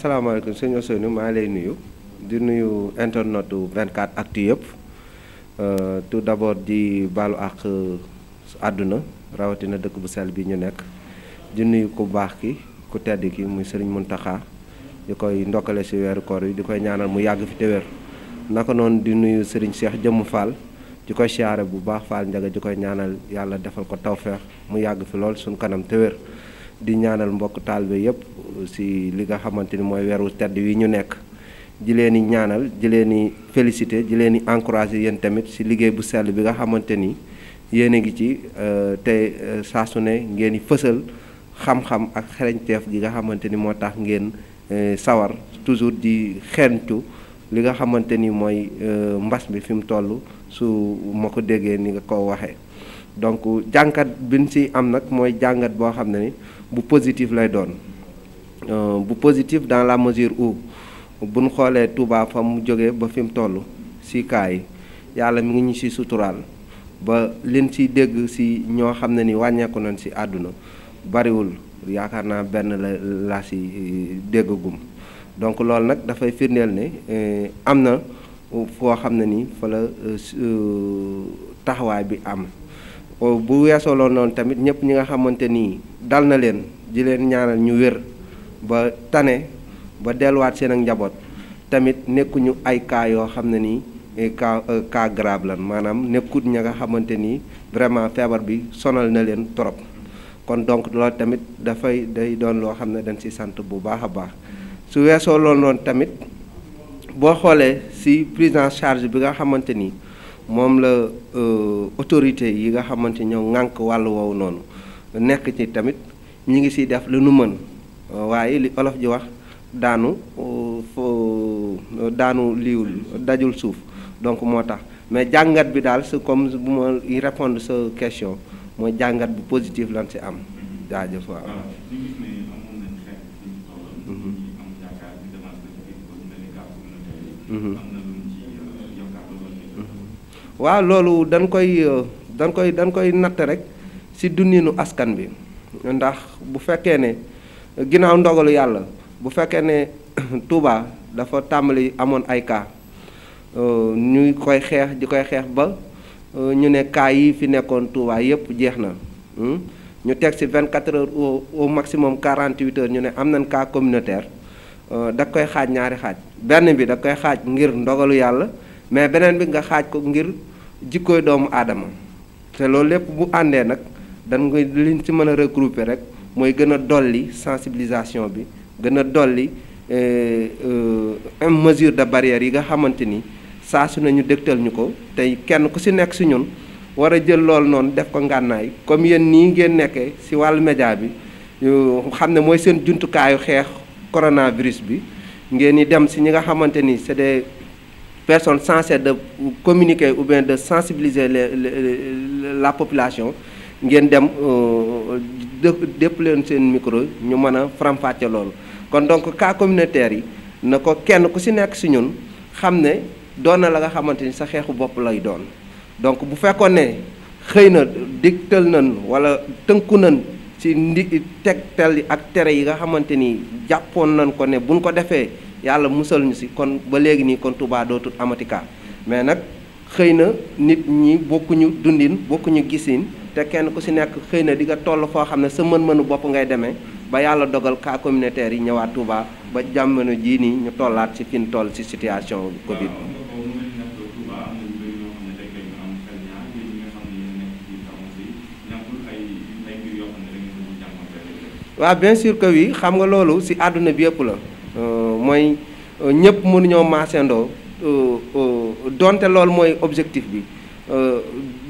asalaamaaleykum sëñ Ousseynou maa ngi lay nuyu di nuyu internet 24 actu yëpp euh, tout d'abord di baalu ak àdduna rawatina dëkk bu sell bi ñu nekk di nuyu ku baax ki ku tedd ki muy Serigne Mountakha di koy ndokkale si weeru koor yi di koy ñaanal mu yàgg fi te naka noonu di nuyu Serigne Cheikh Jëmm Fall di koy siyaare bu baax Fall Ndiaga di koy ñaanal yàlla defal ko tawfeex mu yàgg fi lool suñu kanam te di ñaanal mbokk taalibe yëpp si li nga xamante ni mooy weeru tedd wi ñu nekk di leen di ñaanal ji leen di félicité di leen di encouragé yéen tamit si liggéey bu sell bi nga xamante ni yéen a ngi ci euh, te euh, saa su ne ngeen di fësal xam-xam ak xereñteef gi nga xamante ni moo tax ngeen euh, sawar toujours di xeeñtu li nga xamante ni mooy mbas bi fi mu toll su ma ko déggee ni nga ko waxee. donc jànkat biñ si am nag mooy jàngat boo xam ne ni bu positif lay doon euh, bu positif dans la mesure bu buñ xoolee Touba fa mu jóge ba fi mu toll si kaa yi yàlla mi ngi ñu si suturaal ba liñ ci dégg si ñoo xam ne ni wàññeeku nañ si àdduna bariwul yaakaar naa benn la laa si euh, déggagum donc loolu nag dafay firndeel ne euh, am na foo xam ne ni fa la taxawaay bi am oo bu weesoo loolu noonu tamit ñëpp ñi nga xamante nii dal na leen di leen ñaanal ñu wér ba tane ba delluwaat seen ak njaboot tamit nekkuñu ay cas yoo xam ne ni eh, cas eh, cas grave lan maanaam nekkut ña nga xamante ni vraiment feebar bi sonal na leen trop kon donc lool tamit dafay day doon loo xam ne dañ ci sant bu baax a baax su weesoo loolu noonu tamit boo xoolee ci prise en charge bi nga xamante ni. moom la euh, autorité yi nga xamante ñoo ŋànk wàll woowu noonu nekk ci tamit ñu ngi siy def lu nu mën waaye li olof ji wax daanu euh, euh, daanu liiwul dajul suuf donc moo tax mais jàngat bi daal c'est comme bu ma répondre sa question mooy jàngat bu positif lan si am jaajëf waaw mhm. am waaw loolu dañ koy dañ koy dañ koy natt rek ci dundinu askan bi ndax bu fekkee ne ginnaaw ndogalu yàlla bu fekkee ne Touba dafa tàmbali amoon ay cas euh, ñu koy xeex di koy xeex ba euh, ñu ne cas yi fi nekkoon Touba yépp jeex na hmm? ñu teg ci 24 heures au au maximum 48 heures ñu ne am nañ cas communautaire euh, dag koy xaaj ñaari xaaj benn bi da koy xaaj ngir ndogalu yàlla mais beneen bi nga xaaj ko ngir jikkooy doomu aadama te loolu lépp bu àndee nag dan nga liñ ci mën a regrouper rek mooy gën a dolli sensibilisation bi gën a dolli euh, euh, mesure de barrière yi nga xamante ni saa su ne ñu dégtal ñu ko tey kenn ku si nekk si ñun war a jël loolu noonu def ko ngànnaay comme yéen nii ngeen nekkee si wàllu média bi xam ne mooy seen jumtukaayu xeex coronavirus bi ngeen di dem si ñi nga xamante ni c'est des personne censée de communiquer ou bien de sensibiliser les, les, la population ngeen dem euh, dépp leen seen micro ñu mën a faram-fàcce loolu kon donc cas communautaire yi na ko kenn ku si nekk si ñun xam ne doon na la nga xamante ni sa xeexu bopp lay doon donc bu fekkoon ne xëy na digtal na wala tënku na ci ndi tegtal yi ak tere yi nga xamante ni jàppoon nañ ko ne buñ ko defee yàlla musal ñu si kon ba léegi nii kon Touba dootul amati kaa mais nag xëy na nit ñi bokkuñu dundin bokkuñu gisin te kenn ku si nekk xëy na di nga toll foo xam ne sa mën-mënu bopp ngay demee ba yàlla dogal cas communautaire yi ñëwaat Touba ba jamono jii nii ñu tollaat ci fin ñu ci si situation Covid bi. waaw bien sûr xam nga loolu ci àdduna bi yëpp la euh, mooy euh, ñëpp mënuñoo maasandoo euh, euh, donte loolu mooy objectif bi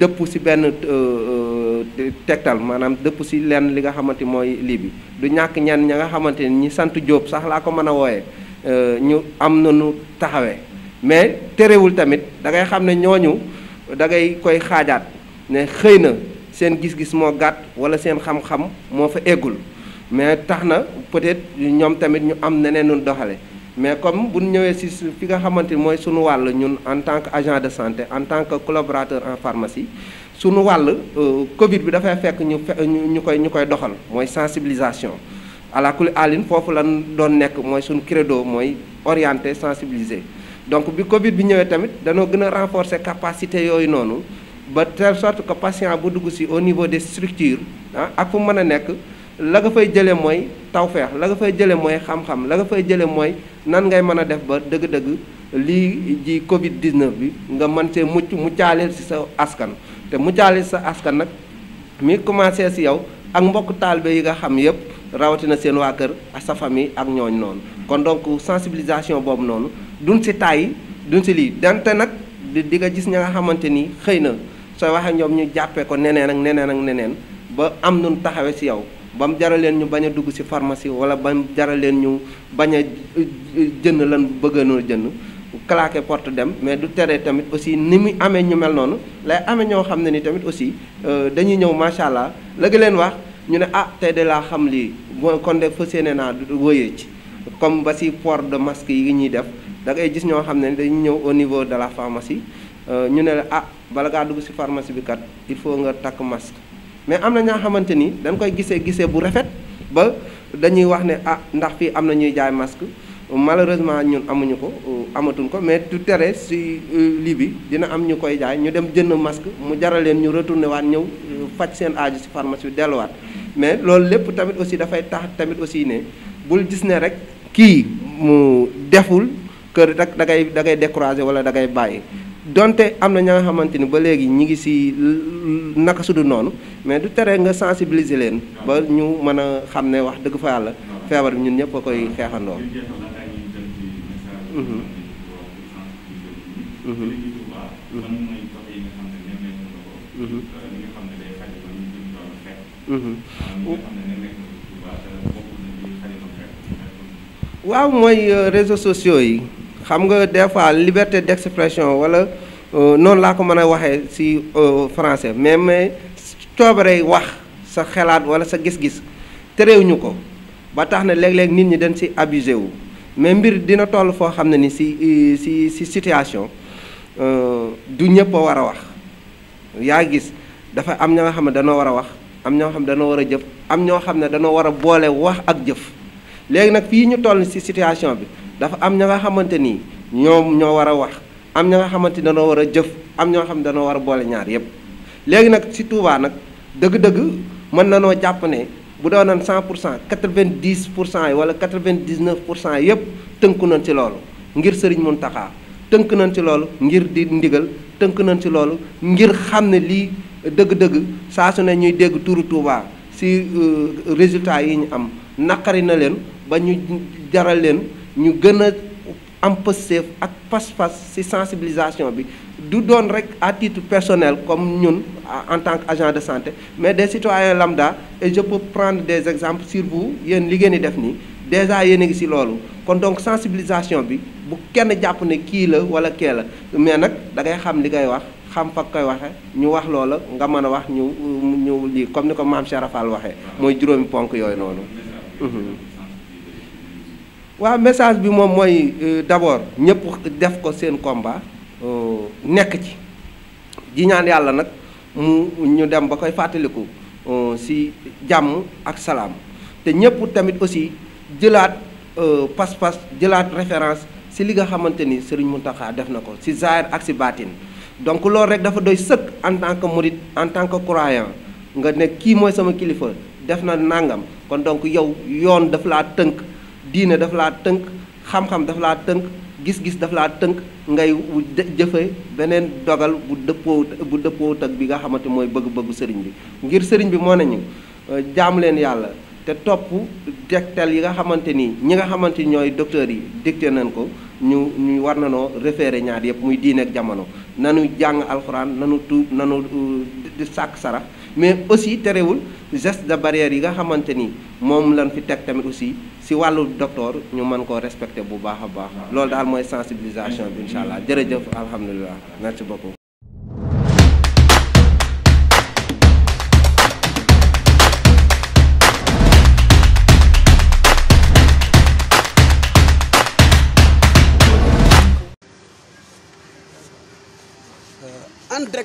dëpp ci benn tegtal maanaam dëpp ci lenn li nga xamante mooy lii bi du ñàkk ñenn ña nga xamante ni ñi sant Jóob sax laa ko mën a wooyee ñu am na nu taxawee mais terewul tamit da ngay xam ne ñooñu da ngay koy xaajaat ne xëy na seen gis-gis moo gàtt walla seen xam-xam moo fa eggul mais tax na peut-être ñoom tamit ñu am neneen nu doxale mais comme bu ñëwee si fi nga xamante ni mooy suñu wàll ñun en tant que agent de santé en tant que collaborateur en pharmacie suñu wàll euh, Covid bi dafay fekk ñu ñu koy ñu koy doxal mooy sensibilisation àlakuli alin foofu lan doon nekk mooy suñu credo mooy orienté sensibiliser donc bi Covid bi ñëwee tamit danoo gën a renforcer capacité yooyu noonu ba telle sorte ko patient bu dugg si au niveau des structures ah ak fu mën a nekk la nga fay jëlee mooy tawfeex la nga fay jëlee mooy xam-xam la nga fay jëlee mooy nan ngay mën a def ba dëgg-dëgg lii ji Covid 19 bi nga mën see mucc muccaaleel si sa askan. te muccaaleel sa askan nag mi commencé si yow ak mbokk taalibe yi nga xam yëpp rawatina seen waa kër ak sa famille ak ñooñ noonu. kon donc sensibilisation boobu noonu duñ si taay duñ si lii dante nag di di nga gis ña nga xamante ni xëy na sooy waxee ñoom ñu jàppee ko neneen ak neneen ak neneen ba am nun taxawee si yow. ba mu jaral leen ñu bañ a dugg ci pharmacie wala ba mu jaral leen ñu bañ a euh, jënd lan bëggoon a jënd claqué porte dem mais du tere tamit aussi ni muy amee ñu mel noonu lay amee ñoo xam ne ni tamit aussi euh, dañuy ñëw macha allah la leen wax ñu ne ah tey de laa xam lii bon kon de fas yéene naa wóoyee ci comme ba ci port de masque yi ñuy def da ngay gis ñoo xam ne dañuy ñëw au niveau de la pharmacie euh, ñu ne la ah bala ngaa dugg ci pharmacie bi kat il faut nga takk masque. mais am na ñaa xamante ni dañ koy gisee gisee bu rafet ba dañuy wax ne ah ndax fii am na ñuy jaay masque malheureusement ñun amuñu ko euh, amatuñ ko mais tu tere si euh, lii bi dina am ñu koy jaay ñu dem jënd masque mu jaral leen ñu retourné waat ñëw euh, faj seen aaju si pharmacie delluwaat mais loolu lépp tamit aussi dafay tax tamit aussi ne bul gis ne rek kii mu deful kër da da dangay da ngay découragé wala da ngay bàyyi donte am na ña nga xamante ni ba léegi ñi ngi si naka sudu noonu mais du tere nga sensibiliser leen ba ñu mën a xam ne wax dëgg fa yàlla feebar bi ñun ñëpp a koy xeexandoo mhm. Mhm. Mhm. waaw mooy euh, réseaux sociaux yi xam nga des fois liberté d'expression wala euh, noonu laa ko mën a waxee ci euh, français mais mais coobare wax sa xalaat wala sa gis-gis terewuñu ko ba tax na léeg-léeg nit ñi dem ci abusé wu mais mbir dina toll foo xam ne ni ci ci ci situation euh, du ñëpp a war a wax yaa gis dafa am ñoo xam ne danoo war a wax am ñoo xam ne danoo war a jëf am ñoo xam ne danoo war a boole wax ak jëf léegi nag fii ñu toll ci situation bi dafa am ña nga xamante ni ñoom ñoo war a wax am ña nga xamante ni danoo war a jëf am ñoo xam ne danoo war a boole ñaar yépp léegi nag ci Touba nag dëgg-dëgg mën na noo jàpp ne bu doonoon cent pour cent 90 pour cent yi wala 99 pour cent yépp tënku nañ ci loolu ngir sëriñ Mountakha tënk nañ ci loolu ngir di ndigal tënk nañ ci loolu ngir xam ne lii dëgg-dëgg saa su ne ñuy dégg turu Touba ci euh, résultat yi ñu am naqari na leen ba ñu jaral leen ñu gën a am pësteef ak pas-pas ci sensibilisation bi du doon rek à titre personnel comme ñun en tant que agent de santé mais des citoyens lambda et je peux prendre des exemples sur vous yéen li di def nii déjà yéen a ngi ci loolu kon donc sensibilisation bi bu kenn jàpp ne kii la walla kee la mais nag da ngay xam li ngay wax xam fa koy waxe ñu wax loola nga mën a wax ñu ñu lii comme ni ko maam Cheikh Rafal waxee mooy juróomi ponk yooyu noonu mhm. waa message bi moom mooy euh, d'abord ñëpp def ko seen combat euh, nekk ci di ñaan yàlla nag mu ñu dem ba koy fàttaliku euh, si jàmm ak salaam te ñëpp tamit aussi jëlaat pas-pas jëlaat référence si li nga xamante ni mu Mountakha def na ko si zahir ak si baatin donc loolu rek dafa doy sëkk en tant que mouride en tant que croyant nga ne kii mooy sama kilifa def na nàngam kon donc yow yoon daf laa tënk diine daf laa tënk xam-xam daf laa tënk gis-gis daf laa tënk ngay jëfe beneen dogal bu dëppoo bu dëppoo ak bi nga xamante mooy bëgg-bëggu sëriñ bi ngir sëriñ bi moo nañu euh, jaam leen yàlla te topp tegtal yi nga xamante ni ñi nga xamante ni ñooy docteurs yi dicté nañ ko ñu ñu war nanoo refere ñaar yëpp muy diine ak jamono nanu jàng alxuraan nanu tuub nanu euh, sàkk sarax mais aussi terewul geste de barrière yi nga xamante ni moom lañ fi teg tamit aussi si wàllu docteur ñu mën koo respecté bu baax a baax lool daal mooy sensibilisation bi incha allah jërëjëf alhamdulilah merci beaucoup.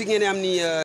Euh, am ni euh,